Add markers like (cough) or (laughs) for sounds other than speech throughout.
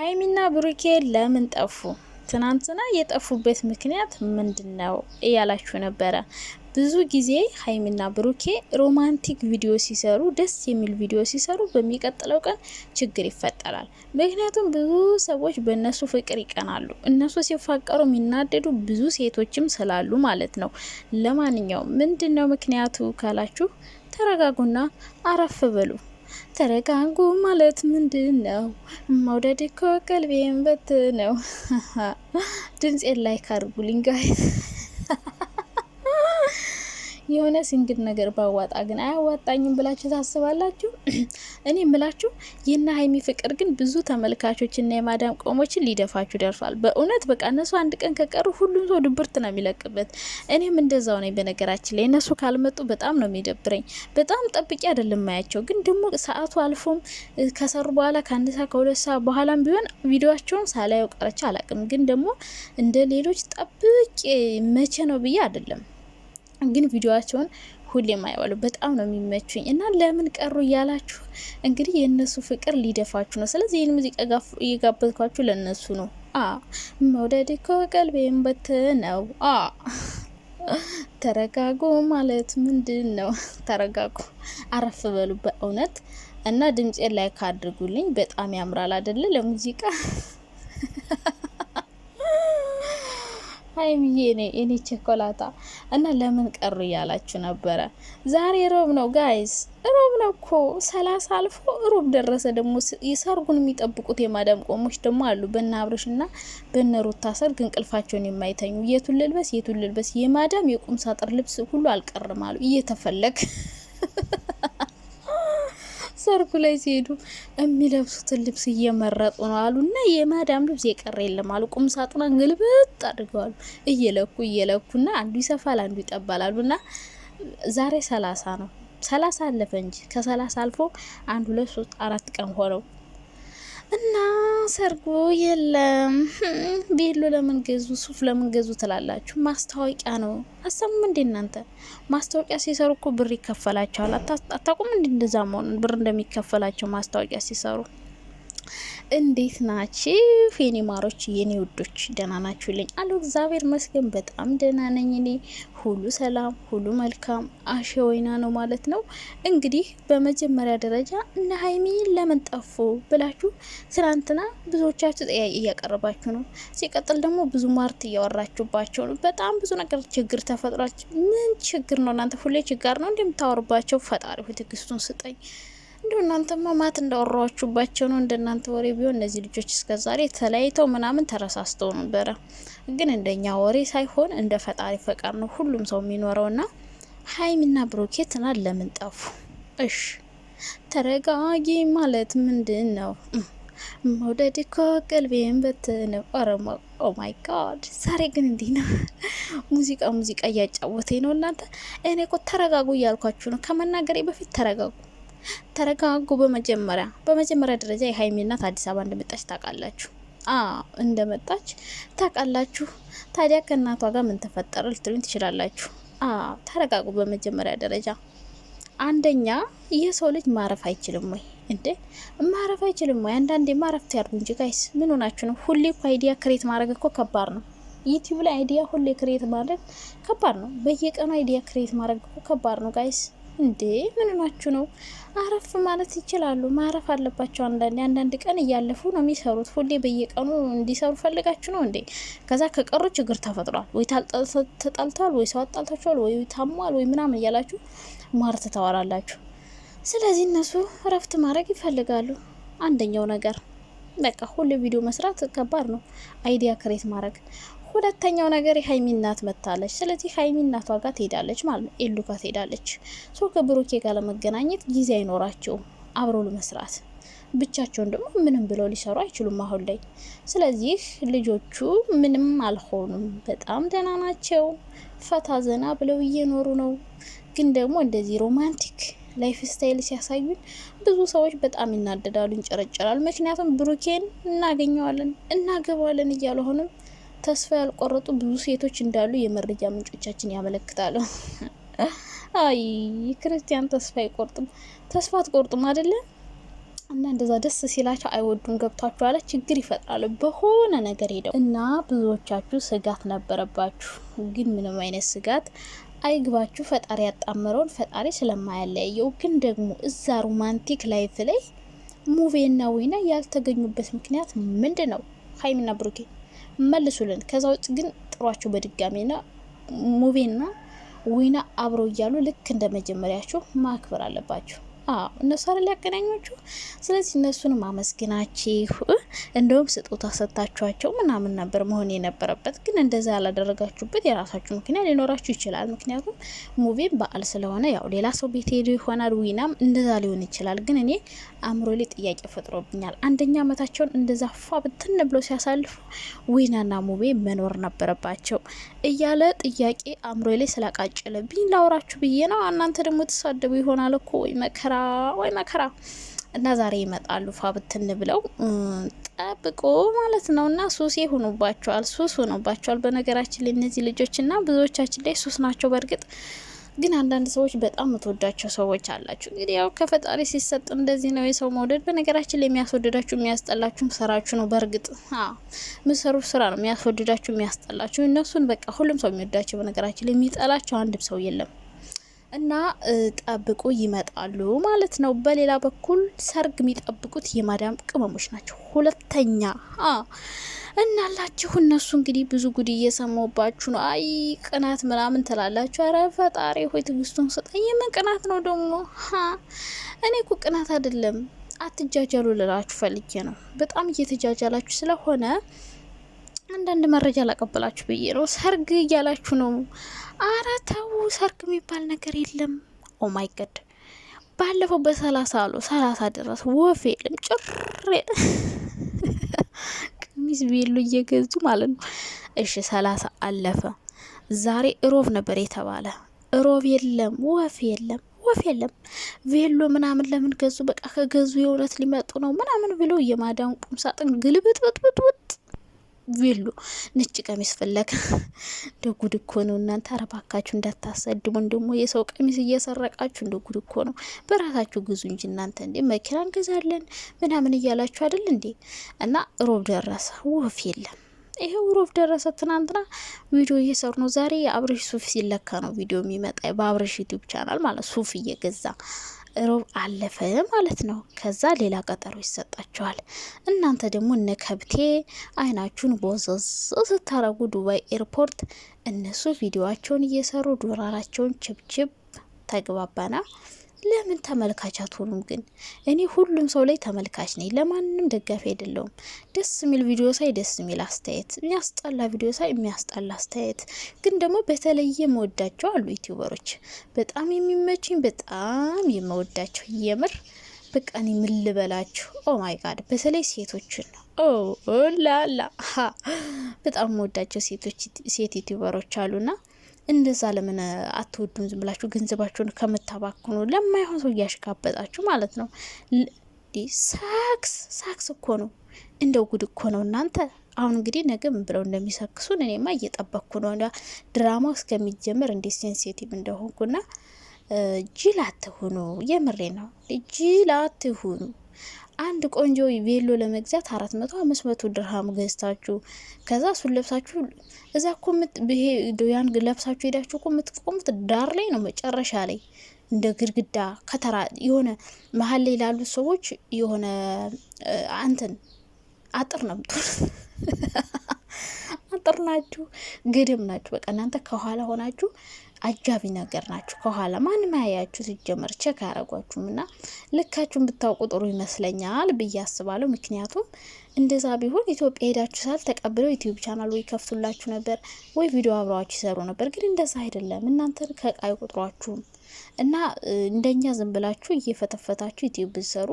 ሀይሚና ብሩኬ ለምን ጠፉ? ትናንትና የጠፉበት ምክንያት ምንድን ነው እያላችሁ ነበረ። ብዙ ጊዜ ሀይሚና ብሩኬ ሮማንቲክ ቪዲዮ ሲሰሩ ደስ የሚል ቪዲዮ ሲሰሩ በሚቀጥለው ቀን ችግር ይፈጠራል። ምክንያቱም ብዙ ሰዎች በእነሱ ፍቅር ይቀናሉ። እነሱ ሲፋቀሩ የሚናደዱ ብዙ ሴቶችም ስላሉ ማለት ነው። ለማንኛውም ምንድን ነው ምክንያቱ ካላችሁ ተረጋጉና አረፍ በሉ። ተረጋጉ ማለት ምንድን ነው? መውደድ እኮ ቀልቤን በት ነው። (laughs) ድምፄን ላይክ አድርጉልኝ ጋይ የሆነ ሲንግል ነገር ባዋጣ ግን አያዋጣኝም ብላችሁ ታስባላችሁ? (clears throat) እኔ ምላችሁ ይህና ሀይሚ ፍቅር ግን ብዙ ተመልካቾችና የማዳም ቆሞችን ሊደፋችሁ ደርሷል። በእውነት በቃ እነሱ አንድ ቀን ከቀሩ ሁሉም ሰው ድብርት ነው የሚለቅበት። እኔም እንደዛው ነኝ። በነገራችን ላይ እነሱ ካልመጡ በጣም ነው የሚደብረኝ። በጣም ጠብቂ አይደለም ማያቸው፣ ግን ደግሞ ሰዓቱ አልፎም ከሰሩ በኋላ ከአንድ ሰዓት ከሁለት ሰዓት በኋላም ቢሆን ቪዲዮቸውን ሳላየው ቀረቻ አላቅም። ግን ደግሞ እንደ ሌሎች ጠብቄ መቼ ነው ብዬ አይደለም ግን ቪዲዮቸውን ሁሌም አየዋለሁ። በጣም ነው የሚመቹኝ እና ለምን ቀሩ እያላችሁ እንግዲህ የእነሱ ፍቅር ሊደፋችሁ ነው። ስለዚህ ይህን ሙዚቃ እየጋበዝኳችሁ ለእነሱ ነው። አ መውደድ እኮ ቀልቤን በት ነው። አ ተረጋጉ ማለት ምንድን ነው? ተረጋጉ፣ አረፍ በሉ በእውነት እና ድምፄን ላይክ አድርጉልኝ። በጣም ያምራል አደለ ለሙዚቃ (laughs) ሀይሚዬ ኔ እኔ ቸኮላታ እና ለምን ቀሩ እያላችሁ ነበረ። ዛሬ ሮብ ነው ጋይስ፣ ሮብ ነው እኮ ሰላሳ አልፎ ሮብ ደረሰ። ደግሞ ሰርጉን የሚጠብቁት የማዳም ቆሞች ደግሞ አሉ። በነ ና በነ ሩታ ሰርግ እንቅልፋቸውን የማይተኙ የቱን ልልበስ የቱን ልልበስ የማዳም የቁም ሳጥር ልብስ ሁሉ አልቀርም አሉ እየተፈለግ ሰርጉ ላይ ሲሄዱ የሚለብሱትን ልብስ እየመረጡ ነው አሉ እና የማዳም ልብስ የቀረ የለም አሉ። ቁም ሳጥና አንገልብጥ አድርገዋሉ። እየለኩ እየለኩና አንዱ ይሰፋል፣ አንዱ ይጠባል አሉ እና ዛሬ ሰላሳ ነው ሰላሳ አለፈ እንጂ ከሰላሳ አልፎ አንድ ሁለት ሶስት አራት ቀን ሆነው እና ሰርጉ የለም (laughs) ቤሎ ለምን ገዙ፣ ሱፍ ለምን ገዙ ትላላችሁ? ማስታወቂያ ነው። አሰሙ እንዴ እናንተ? ማስታወቂያ ሲሰሩ እኮ ብር ይከፈላቸዋል። አታቁም እንዴ? እንደዛ መሆኑን ብር እንደሚከፈላቸው ማስታወቂያ ሲሰሩ እንዴት ናችሁ የኔ ማሮች የኔ ውዶች ደህና ናችሁልኝ? አሉ እግዚአብሔር መስገን በጣም ደህና ነኝ። እኔ ሁሉ ሰላም ሁሉ መልካም አሸ ወይና ነው ማለት ነው። እንግዲህ በመጀመሪያ ደረጃ እነ ሀይሚ ለምን ጠፉ ብላችሁ ትናንትና ብዙዎቻችሁ ጥያቄ እያቀረባችሁ ነው። ሲቀጥል ደግሞ ብዙ ማርት እያወራችሁባቸው ነው። በጣም ብዙ ነገር ችግር ተፈጥሯች ምን ችግር ነው እናንተ? ሁሌ ችጋር ነው እንደምታወርባቸው። ፈጣሪ ትዕግስቱን ስጠኝ። እንዲሁ እናንተማ ማት እንዳወራዋችሁባቸው ነው። እንደናንተ ወሬ ቢሆን እነዚህ ልጆች እስከዛሬ ተለያይተው ምናምን ተረሳስተው ነበረ። ግን እንደኛ ወሬ ሳይሆን እንደ ፈጣሪ ፈቃድ ነው ሁሉም ሰው የሚኖረው። ና ሀይሚና ብሩኬ ትናንት ለምን ጠፉ? እሽ ተረጋጊ ማለት ምንድን ነው? መውደድ እኮ ቀልቤን በትነው። ኦሮሞ ኦማይ ጋድ! ዛሬ ግን እንዲህ ነው። ሙዚቃ ሙዚቃ እያጫወተኝ ነው። እናንተ እኔ እኮ ተረጋጉ እያልኳችሁ ነው። ከመናገሬ በፊት ተረጋጉ። ተረጋጉ። በመጀመሪያ በመጀመሪያ ደረጃ የሀይሚ እናት አዲስ አበባ እንደመጣች ታውቃላችሁ። እንደመጣች ታውቃላችሁ። ታዲያ ከእናቷ ጋር ምን ተፈጠረ ልትሉኝ ትችላላችሁ። ተረጋጉ። በመጀመሪያ ደረጃ አንደኛ የሰው ልጅ ማረፍ አይችልም ወይ እንዴ? ማረፍ አይችልም ወይ? አንዳንዴ ማረፍ ያርጉ እንጂ ጋይስ፣ ምን ሆናችሁ ነው? ሁሌ እኮ አይዲያ ክሬት ማድረግ እኮ ከባድ ነው። ዩቲዩብ ላይ አይዲያ ሁሌ ክሬት ማድረግ ከባድ ነው። በየቀኑ አይዲያ ክሬት ማድረግ እኮ ከባድ ነው ጋይስ። እንዴ ምን ሆናችሁ ነው? አረፍ ማለት ይችላሉ። ማረፍ አለባቸው። አንዳንዴ አንዳንድ ቀን እያለፉ ነው የሚሰሩት። ሁሌ በየቀኑ እንዲሰሩ ፈልጋችሁ ነው እንዴ? ከዛ ከቀሩ ችግር ተፈጥሯል። ወይ ተጣልተዋል፣ ወይ ሰው አጣልታችኋል፣ ወይ ታሟል፣ ወይ ምናምን እያላችሁ ማር ትተዋላላችሁ። ስለዚህ እነሱ እረፍት ማድረግ ይፈልጋሉ። አንደኛው ነገር በቃ ሁሌ ቪዲዮ መስራት ከባድ ነው። አይዲያ ክሬት ማድረግ ሁለተኛው ነገር የሀይሚ እናት መታለች። ስለዚህ ሀይሚ እናቷ ጋር ትሄዳለች ማለት ነው፣ ኤሉ ጋር ትሄዳለች። ሶ ከብሩኬ ጋር ለመገናኘት ጊዜ አይኖራቸውም አብሮ ለመስራት ብቻቸውን ደግሞ ምንም ብለው ሊሰሩ አይችሉም አሁን ላይ። ስለዚህ ልጆቹ ምንም አልሆኑም፣ በጣም ደህና ናቸው። ፈታ ዘና ብለው እየኖሩ ነው። ግን ደግሞ እንደዚህ ሮማንቲክ ላይፍ ስታይል ሲያሳዩን ብዙ ሰዎች በጣም ይናደዳሉ፣ ይንጨረጨራሉ። ምክንያቱም ብሩኬን እናገኘዋለን እናገባዋለን እያለ ተስፋ ያልቆረጡ ብዙ ሴቶች እንዳሉ የመረጃ ምንጮቻችን ያመለክታሉ። (laughs) አይ ክርስቲያን ተስፋ አይቆርጥም፣ ተስፋ አትቆርጡም አይደለም? እና እንደዛ ደስ ሲላቸው አይወዱም። ገብቷችኋል? ችግር ይፈጥራሉ በሆነ ነገር ሄደው እና ብዙዎቻችሁ ስጋት ነበረባችሁ። ግን ምንም አይነት ስጋት አይግባችሁ። ፈጣሪ ያጣመረውን ፈጣሪ ስለማያለያየው። ግን ደግሞ እዛ ሮማንቲክ ላይፍ ላይ ሙቬና ወይና ያልተገኙበት ምክንያት ምንድን ነው? ሀይሚና ብሩኬ መልሱልን። ከዛ ውጭ ግን ጥሯቸው ና ሙቤና ዊና አብረው እያሉ ልክ እንደ ማክበር አለባችሁ። እነሱ አይደል ያገናኟችሁ። ስለዚህ እነሱን አመስግናችሁ እንደውም ስጦታ ሰጥታችኋቸው ምናምን ነበር መሆን የነበረበት። ግን እንደዛ ያላደረጋችሁበት የራሳችሁ ምክንያት ሊኖራችሁ ይችላል። ምክንያቱም ሙቪም በዓል ስለሆነ ያው ሌላ ሰው ቤት ሄዱ ይሆናል፣ ዊናም እንደዛ ሊሆን ይችላል። ግን እኔ አእምሮ ላይ ጥያቄ ፈጥሮብኛል። አንደኛ አመታቸውን እንደዛ ፏ ብትን ብለው ሲያሳልፉ ዊናና ሙቤ መኖር ነበረባቸው እያለ ጥያቄ አእምሮ ላይ ስላቃጭለብኝ ላውራችሁ ብዬ ነው። እናንተ ደግሞ ተሳደቡ ይሆናል እኮ ወይ መከራ ወይ መከራ እና ዛሬ ይመጣሉ ፋብትን ብለው ጠብቆ ማለት ነው። እና ሱስ ሆኖባቸዋል፣ ሱስ ሆኖባቸዋል። በነገራችን ላይ እነዚህ ልጆች እና ብዙዎቻችን ላይ ሱስ ናቸው። በእርግጥ ግን አንዳንድ ሰዎች በጣም የምትወዳቸው ሰዎች አላችሁ። እንግዲህ ያው ከፈጣሪ ሲሰጥ እንደዚህ ነው የሰው መውደድ። በነገራችን ላይ የሚያስወድዳችሁ የሚያስጠላችሁም ስራችሁ ነው። በእርግጥ ምሰሩ ስራ ነው የሚያስወድዳችሁ የሚያስጠላችሁ። እነሱን በቃ ሁሉም ሰው የሚወዳቸው በነገራችን ላይ የሚጠላቸው አንድም ሰው የለም። እና ጠብቁ ይመጣሉ ማለት ነው። በሌላ በኩል ሰርግ የሚጠብቁት የማዳም ቅመሞች ናቸው። ሁለተኛ እናላችሁ እነሱ እንግዲህ ብዙ ጉድ እየሰማባችሁ ነው። አይ ቅናት ምናምን ትላላችሁ። አረ ፈጣሪ ሆይ ትግስቱን ስጠኝ። የምን ቅናት ነው ደግሞ? እኔ እኮ ቅናት አይደለም አትጃጃሉ ልላችሁ ፈልጌ ነው። በጣም እየተጃጃላችሁ ስለሆነ አንዳንድ መረጃ ላቀበላችሁ ብዬ ነው። ሰርግ እያላችሁ ነው። አረ ተው፣ ሰርግ የሚባል ነገር የለም። ኦማይ oh ገድ ባለፈው በሰላሳ አሉ ሰላሳ ድረስ ወፍ የለም ጭር (laughs) ቀሚስ ቤሎ እየገዙ ማለት ነው። እሺ ሰላሳ አለፈ። ዛሬ እሮብ ነበር የተባለ እሮብ የለም፣ ወፍ የለም፣ ወፍ የለም። ቬሎ ምናምን ለምን ገዙ? በቃ ከገዙ የእውነት ሊመጡ ነው ምናምን ብለው የማዳም ቁም ሳጥን ግልብጥብጥብጥብጥ ቪሉ ነጭ ቀሚስ ፈለገ። እንደ ጉድ እኮ ነው እናንተ። አረባካችሁ እንዳታሰድቡን ደግሞ የሰው ቀሚስ እየሰረቃችሁ እንደ ጉድ እኮ ነው። በራሳችሁ ግዙ እንጂ እናንተ እንዴ መኪና እንገዛለን ምናምን እያላችሁ አይደል እንዴ? እና ሮብ ደረሰ፣ ወፍ የለም። ይሄው ሮብ ደረሰ። ትናንትና ቪዲዮ እየሰሩ ነው። ዛሬ የአብረሽ ሱፍ ሲለካ ነው ቪዲዮ የሚመጣ በአብረሽ ዩቲዩብ ቻናል ማለት ሱፍ እየገዛ ሮብ አለፈ ማለት ነው። ከዛ ሌላ ቀጠሮ ይሰጣቸዋል። እናንተ ደግሞ እነ ከብቴ አይናችሁን ቦዘዝ ስታረጉ ዱባይ ኤርፖርት እነሱ ቪዲዮቸውን እየሰሩ ዶላራቸውን ችብችብ ተግባባና ለምን ተመልካች አትሆኑም? ግን እኔ ሁሉም ሰው ላይ ተመልካች ነኝ፣ ለማንም ደጋፊ አይደለውም። ደስ የሚል ቪዲዮ ሳይ ደስ የሚል አስተያየት፣ የሚያስጠላ ቪዲዮ ሳይ የሚያስጠላ አስተያየት። ግን ደግሞ በተለየ መወዳቸው አሉ ዩቲዩበሮች፣ በጣም የሚመችኝ በጣም የመወዳቸው የምር በቃ እኔ ምን ልበላችሁ፣ ኦ ማይ ጋድ በተለይ ሴቶችን ነው ላላ በጣም መወዳቸው ሴቶች ሴት ዩቲዩበሮች አሉና እንደዛ ለምን አትወዱን ዝም ብላችሁ ገንዘባችሁን ከምታባክኑ ለማይሆን ሰው እያሽጋበጣችሁ ማለት ነው። ሳክስ ሳክስ እኮ ነው፣ እንደው ጉድ እኮ ነው እናንተ። አሁን እንግዲህ ነገ ምን ብለው እንደሚሰክሱን እኔማ እየጠበቅኩ ነው። ድራማው እስከሚጀምር እንዴት ሴንሲቲቭ እንደሆንኩና ጅል አትሁኑ። የምሬ ነው። ጅል አትሁኑ። አንድ ቆንጆ ቬሎ ለመግዛት አራት መቶ አምስት መቶ ድርሃም ገዝታችሁ ከዛ እሱን ለብሳችሁ እዛ ኮምት ብሄ ያን ለብሳችሁ ሄዳችሁ ኮምት ቆሙት ዳር ላይ ነው መጨረሻ ላይ እንደ ግድግዳ ከተራ የሆነ መሀል ላይ ላሉት ሰዎች የሆነ አንትን አጥር ነው (laughs) አጥር ናችሁ፣ ግድም ናችሁ። በቃ እናንተ ከኋላ ሆናችሁ አጃቢ ነገር ናችሁ። ከኋላ ማንም ያያችሁ ሲጀመር ቼክ አያረጓችሁም። እና ልካችሁን ብታውቁ ጥሩ ይመስለኛል ብዬ አስባለሁ። ምክንያቱም እንደዛ ቢሆን ኢትዮጵያ ሄዳችሁ ሳል ተቀብለው ዩቲዩብ ቻናል ወይ ከፍቱላችሁ ነበር ወይ ቪዲዮ አብረዋችሁ ይሰሩ ነበር። ግን እንደዛ አይደለም። እናንተን ከቃይ ቁጥሯችሁም እና እንደኛ ዝም ብላችሁ እየፈተፈታችሁ ዩቲዩብ ብትሰሩ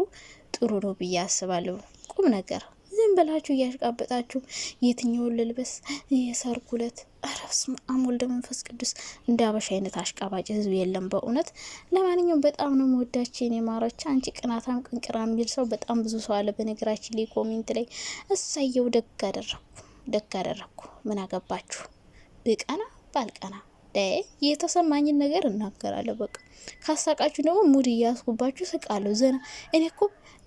ጥሩ ነው ብዬ አስባለሁ። ቁም ነገር ምን ብላችሁ እያሽቃበጣችሁ የትኛውን ልልበስ የሰርጉ ዕለት ረፍስ አሞል መንፈስ ቅዱስ እንደ አበሻ አይነት አሽቃባጭ ህዝብ የለም በእውነት ለማንኛውም በጣም ነው መወዳችን የማሮች አንቺ ቅናታም ቅንቅራ የሚል ሰው በጣም ብዙ ሰው አለ በነገራችን ላይ ኮሜንት ላይ እሳየው ደግ አደረግኩ ደግ አደረግኩ ምን አገባችሁ ብቀና ባልቀና የተሰማኝን ነገር እናገራለሁ። በቃ ካሳቃችሁ ደግሞ ሙድ እያስኩባችሁ ስቃለሁ። ዘና እኔ እኮ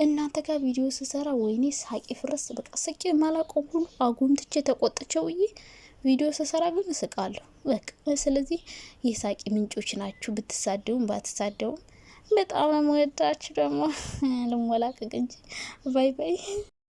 እናንተ ጋር ቪዲዮ ስሰራ ወይኔ ሳቂ ፍረስ በቃ ስቄ ማላቆም ሁሉ አጉምትቼ ተቆጥቼው ውዬ ቪዲዮ ስሰራ ግን እስቃለሁ። በቃ ስለዚህ የሳቂ ምንጮች ናችሁ። ብትሳደቡም ባትሳደቡም በጣም ነው የምወዳችሁ። ደግሞ ልሞላቅቅ እንጂ ባይ ባይ።